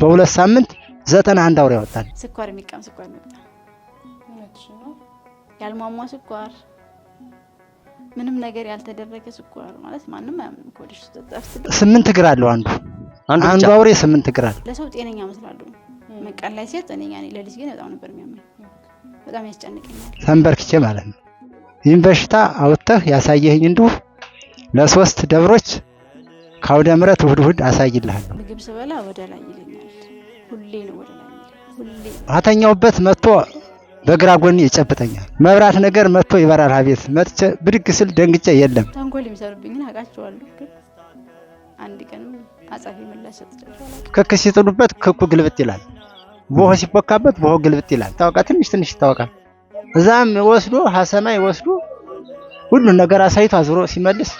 በሁለት ሳምንት ዘጠና አንድ አውሬ ያወጣል። ስኳር የሚቀም ስኳር መጣ። ያልሟሟ ስኳር፣ ምንም ነገር ያልተደረገ ስኳር ማለት ማንም አያምንም። ከወደሽ ስምንት እግር አለው አንዱ አንዱ አውሬ ስምንት እግር አለው። ለሰው ጤነኛ እመስላለሁ። መቃል ላይ ሴት ጤነኛ ነኝ። ለልጅ ግን በጣም ነበር የሚያምን በጣም ያስጨንቀኛል። ተንበርክቼ ማለት ነው። ይህን በሽታ አውጥተህ ያሳየህኝ እንዲሁ ለሶስት ደብሮች ከአውደ ምረት እሁድ እሁድ አሳይልሃል። ምግብ ስበላ ወደ ላይ ይለኛል። ሁሌ ነው ወደ ላይ ሁሌ። አተኛውበት መጥቶ በግራ ጎን ይጨብጠኛል። መብራት ነገር መጥቶ ይበራል። አቤት መጥቼ ብድግ ስል ደንግጬ የለም። ተንኮል የሚሰሩብኝን አውቃቸዋለሁ፣ ግን አንድ ቀን አጸፊ ምላሽ ክክ ሲጥሉበት ክኩ ግልብጥ ይላል። ቦሆ ሲቦካበት ቦሆ ግልብጥ ይላል። ታወቃ ትንሽ ትንሽ ይታወቃል። እዛም ወስዶ ሀሰማይ ወስዶ ሁሉን ነገር አሳይቶ አዝሮ ሲመልስ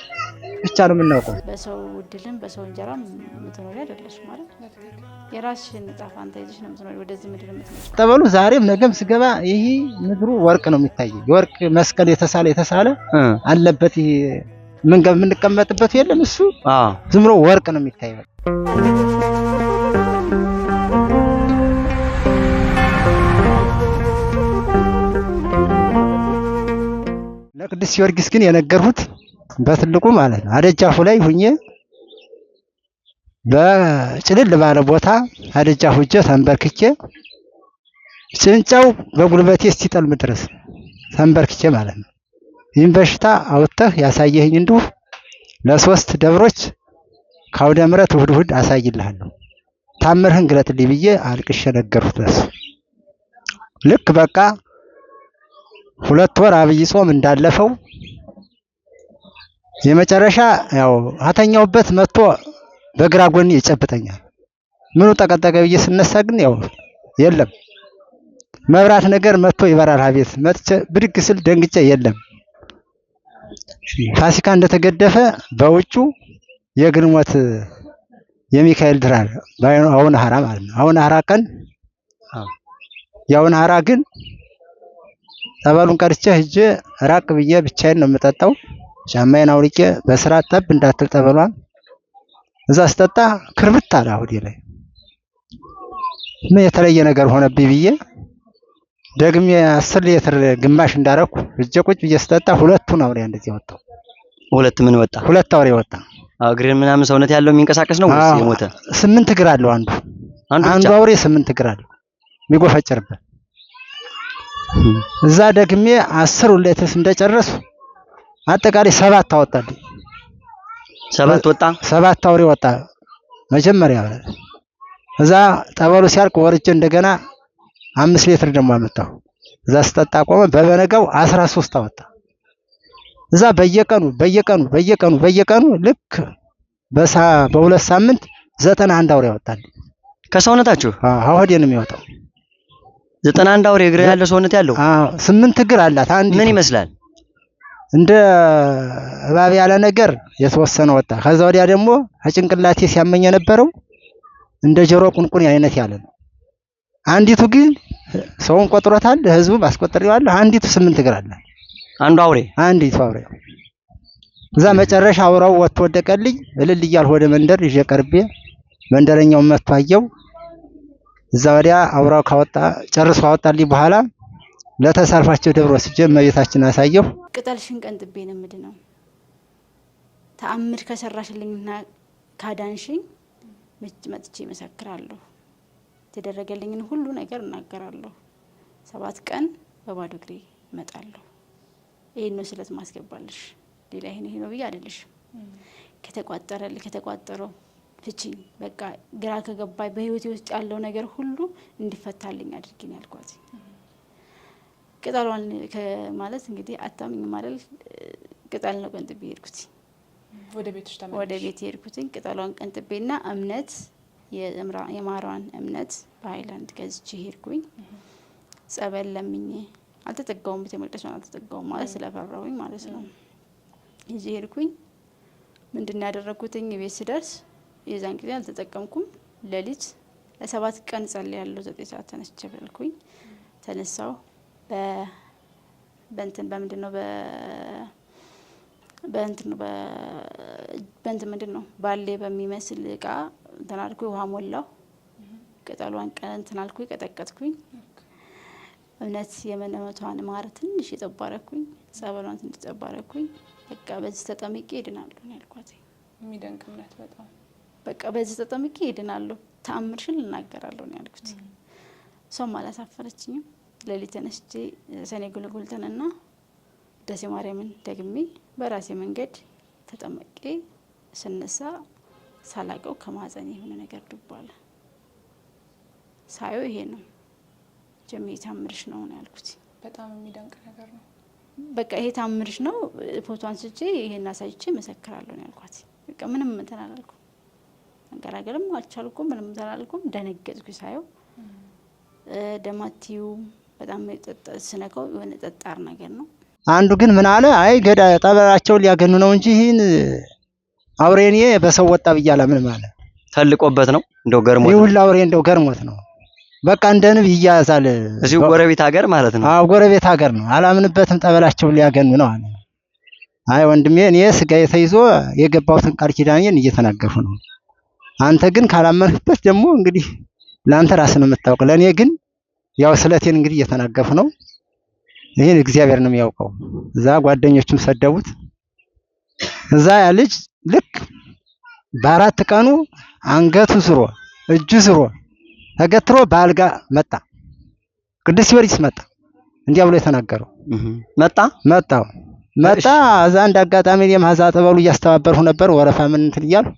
ብቻ ነው የምናውቀው። በሰው እድልም በሰው እንጀራ የምትኖሪ አይደለሽ ማለት የራስሽን ዕጣ ፈንታ ይዘሽ ነው የምትኖሪ ወደዚህ ምድር የምትኖሪ። ጠበሉ ዛሬም ነገም ስገባ ይሄ ምድሩ ወርቅ ነው የሚታይ የወርቅ መስቀል የተሳለ የተሳለ አለበት። ይሄ ምን የምንቀመጥበት የለም እሱ ዝምሮ ወርቅ ነው የሚታየው። ለቅዱስ ጊዮርጊስ ግን የነገርሁት በትልቁ ማለት ነው። አደጃፉ ላይ ሁኜ በጭልል ባለ ቦታ አደጃፉ እጄ ተንበርክኬ ጭንጫው በጉልበቴ እስኪጠልም ድረስ ተንበርክቼ ማለት ነው። ይህን በሽታ አውጥተህ ያሳየህኝ እንዲሁ ለሶስት ደብሮች ከአውደ ምረት እሑድ እሑድ አሳይልሃለሁ ታምርህን ግለጥልኝ ብዬ አልቅሼ ነገርኩት። ለሱ ልክ በቃ ሁለት ወር አብይ ጾም እንዳለፈው የመጨረሻ ያው አተኛውበት መጥቶ በግራ ጎን ይጨብጠኛል። ምኑ ጠቀጠቀ ብዬ ስነሳ ግን ያው የለም መብራት ነገር መጥቶ ይበራል። አቤት መጥቼ ብድግ ስል ደንግጬ የለም ፋሲካ እንደተገደፈ በውጩ የግንሞት የሚካኤል ድራር አሁን ሀራ ማለት ነው። አሁን ሀራ ቀን የአሁን ሀራ ግን ጠበሉን ቀርቼ ሂጄ ራቅ ብዬ ብቻዬን ነው የምጠጣው። ጫማዬን አውልቄ በስራ ጠብ እንዳትል ጠበሏን እዛ ስጠጣ ክርብት አለ ሆዴ ላይ ምን የተለየ ነገር ሆነብኝ ብዬ ደግሜ አስር ሊትር ግማሽ እንዳረኩ እጀ ቁጭ ብዬ ስጠጣ ሁለቱን አውሬ እንደዚህ ወጣው። ሁለት ምን ወጣ? ሁለት አውሬ ወጣ። እግር ምናምን ሰውነት ያለው የሚንቀሳቀስ ነው ወይስ የሞተ? ስምንት እግር አለው አንዱ አንዱ አውሬ ስምንት እግር አለው የሚጎፈጭርበት። እዛ ደግሜ አስር ሊትር እንደጨረሱ አጠቃላይ ሰባት አወጣልኝ። ሰባት ወጣ፣ ሰባት አውሬ ወጣ። መጀመሪያ እዛ ጠበሉ ሲያልቅ ወርጄ እንደገና አምስት ሌትር ደግሞ አመጣሁ። እዛ ስጠጣ ቆመ። በበነጋው አስራ ሶስት አወጣ። እዛ በየቀኑ በየቀኑ በየቀኑ በየቀኑ ልክ በሳ በሁለት ሳምንት ዘጠና አንድ አውሬ ያወጣልኝ። ከሰውነታችሁ አሁን የሚወጣው ዘጠና አንድ አውሬ እግር ያለው ሰውነት ያለው ስምንት እግር አላት። አንድ ምን ይመስላል? እንደ እባብ ያለ ነገር የተወሰነ ወጣ። ከዛ ወዲያ ደግሞ ከጭንቅላቴ ሲያመኝ የነበረው እንደ ጆሮ ቁንቁን አይነት ያለ ነው። አንዲቱ ግን ሰውን ቆጥሮታል፣ ህዝቡ አስቆጥሬዋለሁ። አንዲቱ ስምንት እግር አለ። አንዱ አውሬ አንዲቱ አውሬ እዛ መጨረሻ አውራው ወጥቶ ወደቀልኝ። እልል እያልሁ ወደ መንደር ይዤ ቀርቤ መንደረኛው መጥቶ አየው። እዛ ወዲያ አውራው ካወጣ ጨርሶ አወጣልኝ። በኋላ ለተሳልፋቸው ደብረ ወስጄ እመቤታችን አሳየሁ። ቅጠል ቅጠልሽን ቀንጥቤ ነው የምድነው። ተአምር ከሰራሽልኝና ካዳንሽኝ ምጭ መጥቼ ይመሰክራለሁ። የተደረገልኝን ሁሉ ነገር እናገራለሁ። ሰባት ቀን በባዶ እግሬ እመጣለሁ። ይህን ነው ስለት ማስገባልሽ። ሌላ ይህን ይህ ነው ብዬ አይደለሽም። ከተቋጠረል ከተቋጠረው ፍቺኝ በቃ ግራ ከገባይ በህይወቴ ውስጥ ያለው ነገር ሁሉ እንዲፈታልኝ አድርጊን ያልኳት ቅጠሏን ማለት እንግዲህ አታምኝ ማለል ቅጠል ነው ቀንጥቤ የሄድኩት ወደ ቤቶች ወደ ቤት የሄድኩትኝ ቅጠሏን ቀንጥቤና እምነት የማሯን እምነት በሀይላንድ ገዝቼ ሄድኩኝ። ጸበል ለምኜ አልተጠጋውም፣ ቤተ መቅደሷን አልተጠጋውም ማለት ስለፈራሁኝ ማለት ነው። ይዤ ሄድኩኝ። ምንድን ያደረግኩትኝ ቤት ስደርስ የዛን ጊዜ አልተጠቀምኩም። ሌሊት ለሰባት ቀን ጸል ያለው ዘጠኝ ሰዓት ተነስቼ በልኩኝ ተነሳው በእንትን በምንድን ነው በእንትን በእንትን ምንድን ነው ባሌ በሚመስል እቃ እንትን አልኩኝ። ውሃ ሞላው ቅጠሏን እንትን አልኩኝ፣ ቀጠቀጥኩኝ። እምነት የመነመቷን ማር ትንሽ የጠባረኩኝ፣ ጸበሏን ትንሽ የጠባረኩኝ። በቃ በዚህ ተጠምቄ ይድናሉ ያልኳት የሚደንቅ እምነት በጣም በቃ በዚህ ተጠምቄ ይድናሉ ተአምርሽን ልናገራለሁ ነው ያልኩት። እሷም አላሳፈረችኝም። ሌሊት ተነስቼ ሰኔ ጉልጉልተንና ደሴ ማርያምን ደግሜ በራሴ መንገድ ተጠመቄ ስነሳ ሳላቀው ከማህፀን የሆነ ነገር ዱብ አለ። ሳየው ይሄ ነው ጀሜ ታምርሽ ነው ነው ያልኩት። በጣም የሚደንቅ ነገር ነው። በቃ ይሄ ታምርሽ ነው፣ ፎቶ አንስቼ ይሄን አሳይቼ መሰክራለሁ ነው ያልኳት። በቃ ምንም እንትን አላልኩም፣ መንገራገልም አልቻልኩም፣ ምንም እንትን አላልኩም። ደነገጥኩ ሳየው ደማቲው በጣም ስነካው የሆነ ጠጣር ነገር ነው። አንዱ ግን ምን አለ፣ አይ ገዳ ጠበላቸውን ሊያገኑ ነው እንጂ ይህን አውሬኔ በሰው ወጣ ብያለ ምን ማለት ተልቆበት ነው እንደው ገርሞት ይህ ሁላ አውሬ እንደው ገርሞት ነው። በቃ እንደ ንብ ይያያዛል። እዚሁ ጎረቤት ሀገር ማለት ነው። አዎ ጎረቤት ሀገር ነው። አላምንበትም። ጠበላቸው ሊያገኑ ነው አለ። አይ ወንድሜ እኔ ስጋ የተይዞ የገባሁትን ቃል ኪዳኔን እየተናገፉ ነው። አንተ ግን ካላመንህበት ደግሞ እንግዲህ ለአንተ ራስ ነው የምታውቅ። ለእኔ ግን ያው ስለቴን እንግዲህ እየተናገፉ ነው። ይሄን እግዚአብሔር ነው የሚያውቀው። እዛ ጓደኞቹም ሰደቡት። እዛ ያ ልጅ ልክ በአራት ቀኑ አንገቱ ስሮ እጁ ስሮ ተገትሮ በአልጋ መጣ። ቅዱስ ጊዮርጊስ መጣ። እንዲያ ብሎ የተናገረው መጣ መጣ መጣ። እዛ እንደ አጋጣሚ እኔም ማዛ ተበሉ እያስተባበርሁ ነበር። ወረፋ ምን እንትን እያልሁ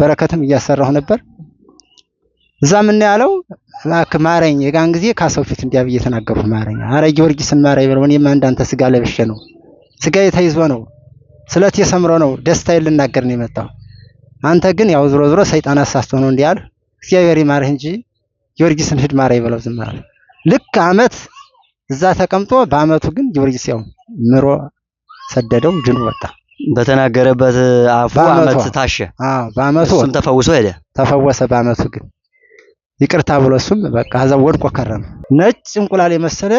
በረከትም እያሰራሁ ነበር። እዛ ምን ያለው ላክ ማረኝ። የጋን ጊዜ ካሰው ፊት እንዲያ ብዬ ተናገርኩ። ማረኝ፣ አረ ጊዮርጊስን ማረኝ ብለው እኔማ እንዳንተ ስጋ ለብሼ ነው ስጋ ተይዞ ነው ስለት የሰምሮ ነው ደስታ ልናገር ነው የመጣሁ። አንተ ግን ያው ዝሮ ዝሮ ሰይጣን አሳስቶ ነው እንዲህ አልህ። እግዚአብሔር ይማርህ እንጂ ጊዮርጊስን ሂድ ማረኝ ብለው ዝም አለ። ልክ አመት እዛ ተቀምጦ በአመቱ ግን ጊዮርጊስ ያው ምሮ ሰደደው፣ ጅኑ ወጣ። በተናገረበት አፉ አመት ታሸ። አዎ በአመቱ እሱም ተፈውሶ ሄደ፣ ተፈወሰ በአመቱ ግን ይቅርታ ብሎ እሱም በቃ ሀዛ ወድቆ ከረመ። ነጭ እንቁላል የመሰለ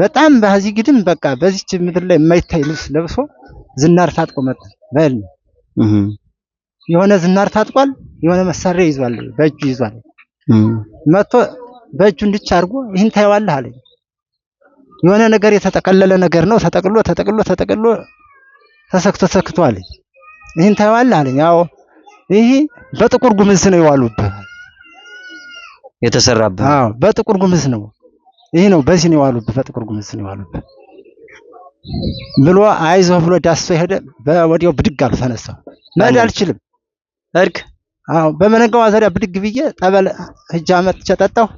በጣም በዚህ ግድም በቃ በዚች ምድር ላይ የማይታይ ልብስ ለብሶ ዝናር ታጥቆ መጣ። በል የሆነ ዝናር ታጥቋል፣ የሆነ መሳሪያ ይዟል፣ በእጁ ይዟል። መጥቶ በእጁ እንድች አድርጎ ይህን ታየዋለህ አለኝ። የሆነ ነገር የተጠቀለለ ነገር ነው። ተጠቅሎ ተጠቅሎ ተጠቅሎ ተሰክቶ ተሰክቶ አለኝ። ይህን ታየዋለህ አለኝ። አዎ ይህ በጥቁር ጉምዝ ነው የዋሉበት የተሰራበት። አዎ በጥቁር ጉምዝ ነው። ይሄ ነው በዚህ ነው ዋሉብህ፣ በጥቁር ጉምዝ ነው የዋሉብህ ብሎ አይዞህ ብሎ ዳስቶ ሄደ። በወዲያው ብድግ አሉ ተነሳሁ። መሄድ አልችልም እርግ አዎ በመነጋው አዘሪያ ብድግ ብዬ ጠበል ሂጅ አመጥቼ ጠጣሁ።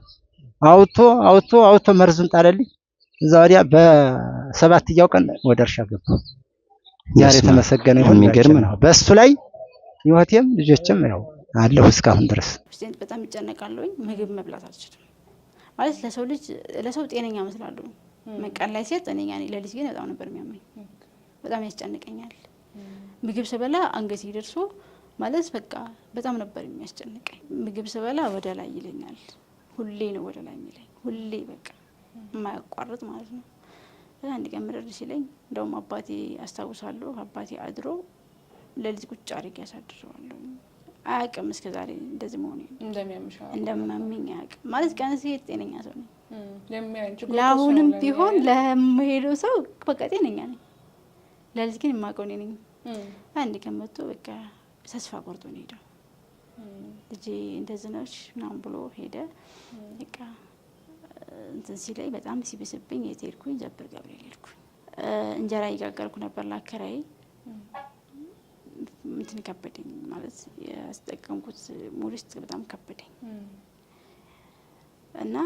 አውቶ አውቶ አውቶ መርዙን ጣለልኝ። እዛ ወዲያ በሰባት እያውቀን ወደ እርሻ ገባሁ። ዛሬ የተመሰገነ ይሁን። የሚገርም ነው። በእሱ ላይ ህይወቴም ልጆችም ያው አለሁ እስካሁን ድረስ። ፐርሴንት በጣም ይጨነቃለሁኝ። ምግብ መብላት አልችልም ማለት ለሰው ልጅ ለሰው ጤነኛ መስላሉ መቀን ላይ ሴት ጤነኛ ነኝ፣ ግን በጣም ነበር የሚያመኝ። በጣም ያስጨንቀኛል። ምግብ ስበላ አንገቴ ደርሶ ማለት በቃ በጣም ነበር የሚያስጨንቀኝ። ምግብ ስበላ ወደ ላይ ይለኛል። ሁሌ ነው ወደ ላይ የሚለኝ፣ ሁሌ በቃ የማያቋርጥ ማለት ነው። አንድ ቀን ምርር ሲለኝ እንደውም አባቴ አስታውሳለሁ፣ አባቴ አድሮ ለልጅ ቁጭ አድርጌ ያሳድረዋለሁ አያውቅም እስከ ዛሬ እንደዚህ መሆኑ እንደሚያመኝ አያውቅም። ማለት ቀን ሲሄድ ጤነኛ ሰው ነኝ። ለአሁንም ቢሆን ለመሄደው ሰው በቃ ጤነኛ ነኝ። ለልጅ ግን የማውቀው እኔ ነኝ። አንድ ቀን መጥቶ በቃ ተስፋ ቆርጦ ነው ሄደው ልጄ እንደዚህ ነች ምናምን ብሎ ሄደ። በቃ እንትን ሲለኝ በጣም ሲብስብኝ የት ሄድኩኝ? ዘብር ገብርኤል ሄድኩኝ። እንጀራ እየጋገርኩ ነበር ላከራይ እንትን ከበደኝ ማለት ያስጠቀምኩት ሞዴስት በጣም ከበደኝ እና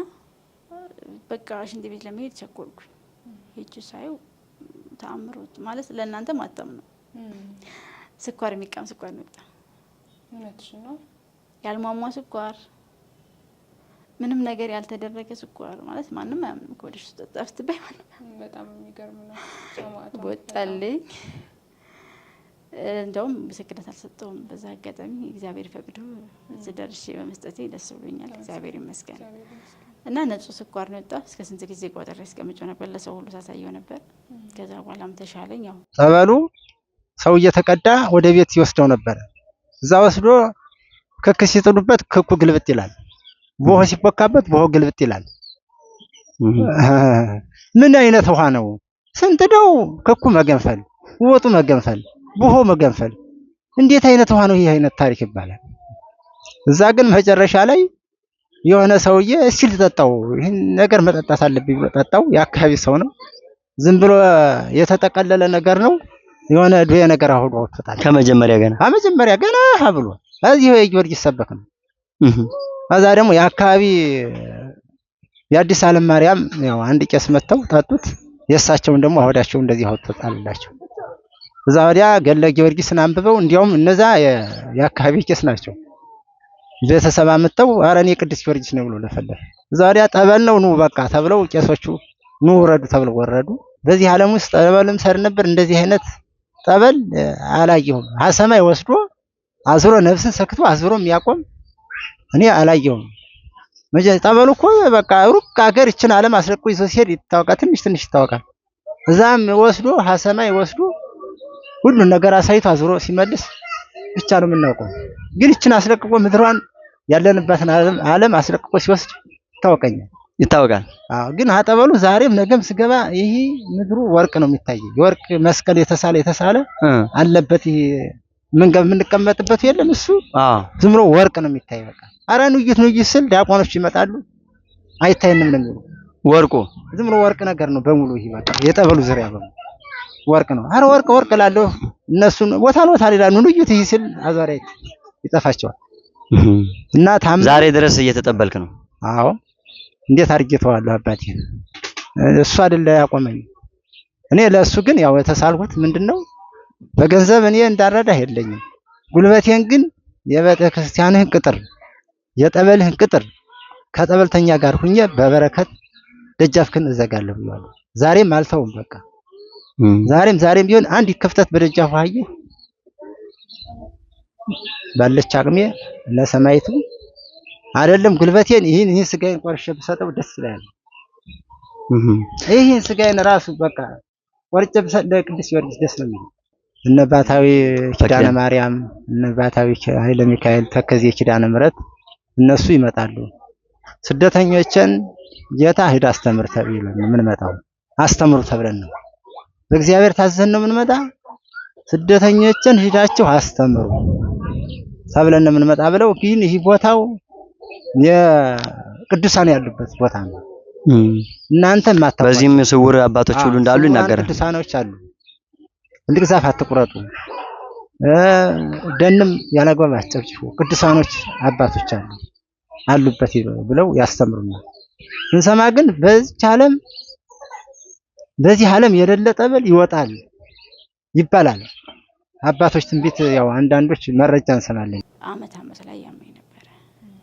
በቃ ሽንት ቤት ለመሄድ ቸኮልኩኝ። ሄጅ ሳየው ተአምሮት ማለት ለእናንተ ማጣም ነው። ስኳር የሚቀም ስኳር የሚወጣ ያልሟሟ ስኳር፣ ምንም ነገር ያልተደረገ ስኳር ማለት ማንም አያምንም። ከወደሽ ስጠጣ ስትባይ ማንም በጣም የሚገርም ነው። ወጣልኝ እንደውም ምስክርነት አልሰጠውም። በዛ አጋጣሚ እግዚአብሔር ፈቅዶ እዚህ ደርሼ በመስጠቴ ደስ ብሎኛል። እግዚአብሔር ይመስገን እና ነጹ ስኳር ነው የወጣው። እስከ ስንት ጊዜ ቆጥሬ አስቀምጬ ነበር፣ ለሰው ሁሉ ሳሳየው ነበር። ከዛ በኋላም ተሻለኝ። ያው ጸበሉ ሰው እየተቀዳ ወደ ቤት ይወስደው ነበረ። እዛ ወስዶ ክክ ሲጥሉበት ክኩ ግልብጥ ይላል፣ ቦሆ ሲቦካበት ቦሆ ግልብጥ ይላል። ምን አይነት ውሃ ነው? ስንት ክኩ መገንፈል፣ ወጡ መገንፈል ቡሆ መገንፈል። እንዴት አይነት ውሃ ነው ይህ አይነት ታሪክ ይባላል። እዛ ግን መጨረሻ ላይ የሆነ ሰውዬ እስኪ ልጠጣው፣ ይህን ነገር መጠጣት አለብኝ ብሎ ጠጣው። የአካባቢ ሰው ነው። ዝም ብሎ የተጠቀለለ ነገር ነው። የሆነ ዱየ ነገር አሁን ወጥቷል። ከመጀመሪያ ገና ከመጀመሪያ ገና ብሎ እዚህ ወይ ጊዮርጊስ ሰበክ ነው። እዛ ደግሞ የአካባቢ የአዲስ ዓለም ማርያም ያው አንድ ቄስ መጥተው ጠጡት። የእሳቸውን ደግሞ አውዳቸው እንደዚህ አውጥተው እዛ ወዲያ ገለ ጊዮርጊስን አንብበው እንዲያውም እነዛ የአካባቢ ቄስ ናቸው። ቤተሰብ አምጥተው ኧረ እኔ ቅዱስ ጊዮርጊስ ነው ብሎ ለፈለፈ። እዛ ወዲያ ጠበል ነው ኑ በቃ ተብለው ቄሶቹ ኑ ወረዱ ተብለው ወረዱ። በዚህ ዓለም ውስጥ ጠበልም ሰር ነበር። እንደዚህ አይነት ጠበል አላየሁም። አሰማይ ወስዶ አዝሮ ነፍስን ሰክቶ አዝሮ የሚያቆም እኔ አላየሁም። ጠበሉ እኮ በቃ ሩቅ ሀገር ይችን ዓለም አስለቆ ይዞ ሲሄድ ይታወቃል። ትንሽ ትንሽ ይታወቃል። እዛም ወስዶ ሀሰማይ ወስዶ ሁሉን ነገር አሳይቶ አዝሮ ሲመልስ ብቻ ነው የምናውቀው። ግን ይችን አስለቅቆ ምድሯን ያለንበትን ዓለም አስለቅቆ ሲወስድ ይታወቀኛል ይታወቃል። አዎ ግን አጠበሉ ዛሬም ነገም ስገባ ይሄ ምድሩ ወርቅ ነው የሚታየ የወርቅ መስቀል የተሳለ የተሳለ አለበት። ይሄ ምንገብ የምንቀመጥበት የለም እሱ ዝም ብሎ ወርቅ ነው የሚታይ በቃ። ኧረ ንውይት ንውይት ስል ዲያቆኖች ይመጣሉ አይታየንም ነው የሚሉ ወርቁ ዝም ብሎ ወርቅ ነገር ነው በሙሉ ይሄ በቃ የጠበሉ ዙሪያ በሙሉ ወርቅ ነው። አረ ወርቅ ወርቅ እላለሁ። እነሱን ቦታ ቦታ ይላሉ። ንዩት ይህ ሲል አዛሬት ይጠፋቸዋል። እና ዛሬ ድረስ እየተጠበልክ ነው? አዎ። እንዴት አድርጌተዋለሁ አባቴ። እሱ አይደለ ያቆመኝ። እኔ ለእሱ ግን ያው የተሳልኩት ምንድነው በገንዘብ እኔ እንዳረዳህ የለኝም። ጉልበቴን ግን የቤተ ክርስቲያንህን ቅጥር፣ የጠበልህን ቅጥር ከጠበልተኛ ጋር ሁኜ በበረከት ደጃፍክን እዘጋለሁ ብያለሁ። ዛሬም አልተውም በቃ ዛሬም ዛሬም ቢሆን አንድ ክፍተት በደጃፉ አየሁ። ባለች አቅሜ ለሰማይቱ አይደለም ጉልበቴን ይህን ይህን ስጋዬን ቆርሼ ብሰጠው ደስ ይላል። ይህን ስጋዬን ራሱ በቃ ቆርጬ ብሰጥ ለቅዱስ ጊዮርጊስ ደስ ነው የሚለው። እነ ባታዊ ኪዳነ ማርያም፣ እነ ባታዊ ኃይለ ሚካኤል፣ ተከዜ ኪዳነ ምሕረት እነሱ ይመጣሉ። ስደተኞችን ጌታ ሂድ አስተምር ተብለን ነው መጣው አስተምሩ ተብለን ነው በእግዚአብሔር ታዘን ነው የምንመጣ። ስደተኞችን ሂዳችሁ አስተምሩ ተብለን ነው የምንመጣ ብለው ግን ይህ ቦታው የቅዱሳን ያሉበት ቦታ ነው። እናንተ ማታ በዚህም ስውር አባቶች ሁሉ እንዳሉ ይናገራል። ቅዱሳኖች አሉ። ትልቅ ዛፍ አትቁረጡ፣ ደንም ያላግባብ አትጨፍጭፉ፣ ቅዱሳኖች አባቶች አሉ አሉበት ብለው ያስተምሩናል። ስንሰማ ግን በዚህ ዓለም በዚህ ዓለም የሌለ ጠበል ይወጣል ይባላል። አባቶች ትንቢት ያው አንዳንዶች መረጃ እንሰማለን። አመት አመት ላይ ያመኝ ነበረ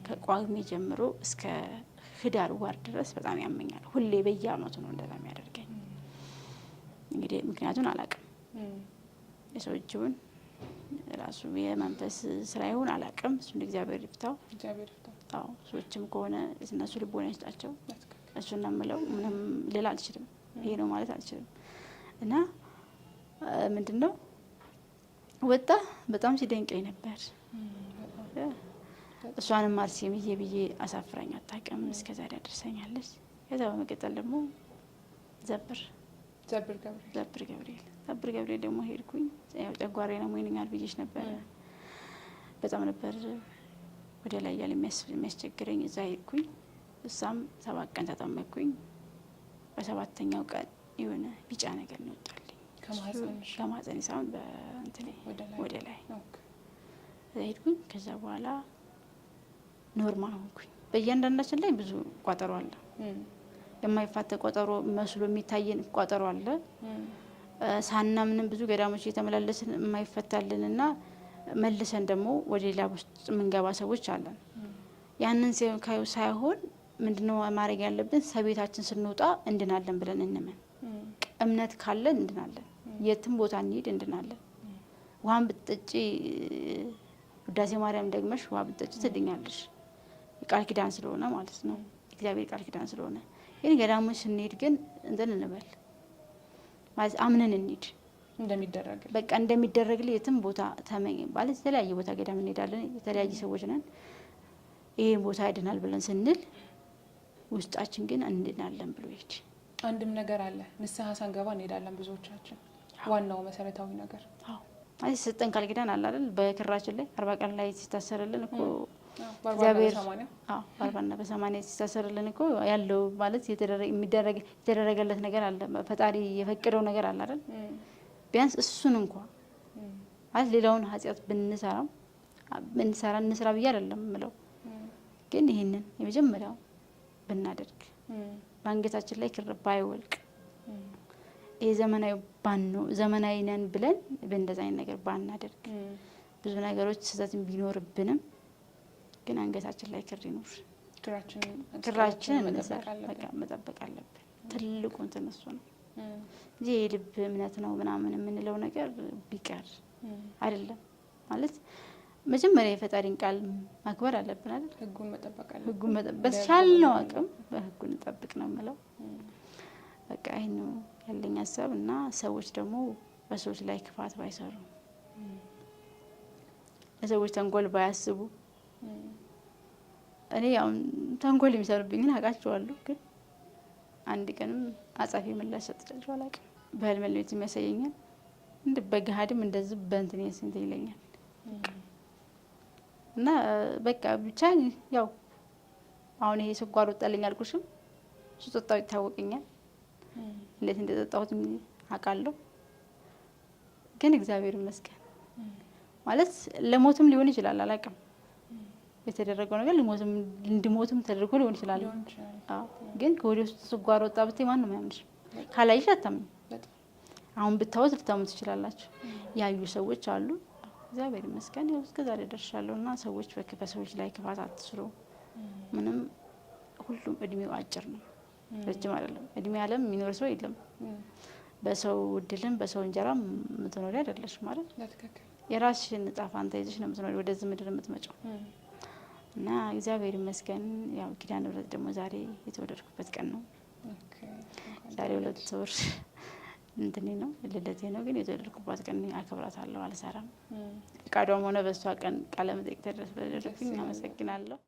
ከቋሚ ጀምሮ እስከ ህዳር ወር ድረስ በጣም ያመኛል። ሁሌ በየአመቱ ነው እንደዛ የሚያደርገኝ። እንግዲህ ምክንያቱን አላቅም፣ የሰው ራሱ የመንፈስ ስራ ይሁን አላቅም። እሱ እንደ እግዚአብሔር ይፍታው። ሰዎችም ከሆነ እነሱ ልቦና ይስጣቸው። እሱን ነው ምንም ልል አልችልም። ይሄ ነው ማለት አልችልም። እና ምንድን ነው ወጣ በጣም ሲደንቀኝ ነበር። እሷንም አርሴምዬ ብዬ አሳፍራኝ አታውቅም። እስከዛሬ አደርሰኛለች። ከዛ በመቀጠል ደግሞ ዘብር ዘብር ገብርኤል ዘብር ገብርኤል ደግሞ ሄድኩኝ። ጨጓሬ ነው ሞይንኛል ብዬሽ ነበረ። በጣም ነበር ወደ ላይ ያለ የሚያስቸግረኝ። እዛ ሄድኩኝ። እሷም ሰባት ቀን ተጠመኩኝ። በሰባተኛው ቀን የሆነ ቢጫ ነገር ነው ወጣልኝ። ከማህፀን ሳይሆን በእንትን ወደ ላይ ሄድኩኝ። ከዛ በኋላ ኖርማል ሆንኩኝ። በእያንዳንዳችን ላይ ብዙ ቋጠሮ አለ፣ የማይፋተ ቋጠሮ መስሎ የሚታየን ቋጠሮ አለ። ሳናምንም ብዙ ገዳሞች እየተመላለስን እና መልሰን ደግሞ ወደ ሌላ ውስጥ የምንገባ ሰዎች አለን። ያንን ሳይሆን ምንድነው ማድረግ ያለብን? ሰቤታችን ስንወጣ እንድናለን ብለን እንመን። እምነት ካለን እንድናለን፣ የትም ቦታ እንሄድ እንድናለን። ውሃን ብትጠጪ ውዳሴ ማርያም ደግመሽ ውሃ ብትጠጪ ትድኛለሽ። ቃል ኪዳን ስለሆነ ማለት ነው፣ እግዚአብሔር ቃል ኪዳን ስለሆነ። ግን ገዳሙን ስንሄድ ግን እንትን እንበል ማለት አምነን እንሂድ እንደሚደረግ በቃ እንደሚደረግልህ የትም ቦታ ተመኝ ማለት የተለያየ ቦታ ገዳም እንሄዳለን፣ የተለያየ ሰዎች ነን። ይሄን ቦታ ያድናል ብለን ስንል ውስጣችን ግን እንድናለን ብሎ ሄድ አንድም ነገር አለ። ንስሐ ሳንገባ እንሄዳለን ብዙዎቻችን። ዋናው መሰረታዊ ነገር አይ ሰጠን ቃል ኪዳን አለ አይደል? በክራችን ላይ አርባ ቀን ላይ ሲታሰርልን እኮ እግዚአብሔር በአርባና በሰማንያ ሲታሰርልን እኮ ያለው ማለት የተደረገለት ነገር አለ። ፈጣሪ የፈቀደው ነገር አለ አይደል? ቢያንስ እሱን እንኳ ማለት ሌላውን ኃጢአት ብንሰራ ብንሰራ እንስራ ብዬ አይደለም ምለው፣ ግን ይህንን የመጀመሪያው ብናደርግ በአንገታችን ላይ ክር ባይወልቅ የዘመናዊ ባን ነው ዘመናዊ ነን ብለን በእንደዛ አይነት ነገር ባናደርግ ብዙ ነገሮች ስህተት ቢኖርብንም ግን አንገታችን ላይ ክር ይኖር ክራችን መጠበቅ አለብን። ትልቁ እንትን እሱ ነው እንጂ የልብ እምነት ነው ምናምን የምንለው ነገር ቢቀር አይደለም ማለት መጀመሪያ የፈጣሪን ቃል ማክበር አለብን አይደል? ህጉን መጠበቅ አለብን። ህጉን መጠበቅ በቻልነው አቅም በህጉን እንጠብቅ ነው የምለው። በቃ ይህ ነው ያለኝ ሀሳብ እና ሰዎች ደግሞ በሰዎች ላይ ክፋት ባይሰሩ፣ ለሰዎች ተንኮል ባያስቡ። እኔ ያው ተንኮል የሚሰሩብኝን አውቃቸዋለሁ፣ ግን አንድ ቀንም አጻፊ ምላሽ ሰጥቻቸው አላውቅም። በህልም የሚያሳየኛል እንደ በገሀድም እንደዚህ በእንትን ስንት ይለኛል እና በቃ ብቻ ያው አሁን ይሄ ስኳር ወጣልኝ አልኩሽም፣ እሱ ጠጣው ይታወቀኛል፣ እንዴት እንደጠጣሁት አውቃለሁ። ግን እግዚአብሔር ይመስገን ማለት ለሞትም ሊሆን ይችላል አላውቅም። የተደረገው ነገር ሊሞትም እንድሞትም ተደርጎ ሊሆን ይችላል። ግን ከወደ ውስጥ ስጓር ወጣ ብትይ ነው አያምንሽም። ካላይሽ አታምኝ። አሁን ብታወት ልታሙ ትችላላችሁ። ያዩ ሰዎች አሉ እግዚአብሔር ይመስገን ይኸው እስከ ዛሬ ደርሻለሁ። እና ሰዎች በሰዎች ላይ ክፋት አትስሩ። ምንም ሁሉም እድሜው አጭር ነው፣ ረጅም አይደለም። እድሜ ያለም የሚኖር ሰው የለም። በሰው እድልም በሰው እንጀራ የምትኖሪ አይደለሽ ማለት የራስሽን እጣ ፋንታ ይዘሽ ነው የምትኖሪ ወደዚህ ምድር የምትመጪው። እና እግዚአብሔር ይመስገን ያው ኪዳነ ምህረት ደግሞ ዛሬ የተወለድኩበት ቀን ነው። ዛሬ ሁለት ወር እንትኔ ነው ልደቴ ነው። ግን የተወለድኩባት ቀን አከብራታለሁ። አልሰራም። ፍቃዷም ሆነ በእሷ ቀን ቃለ ተደረስ በደረስኩኝ አመሰግናለሁ።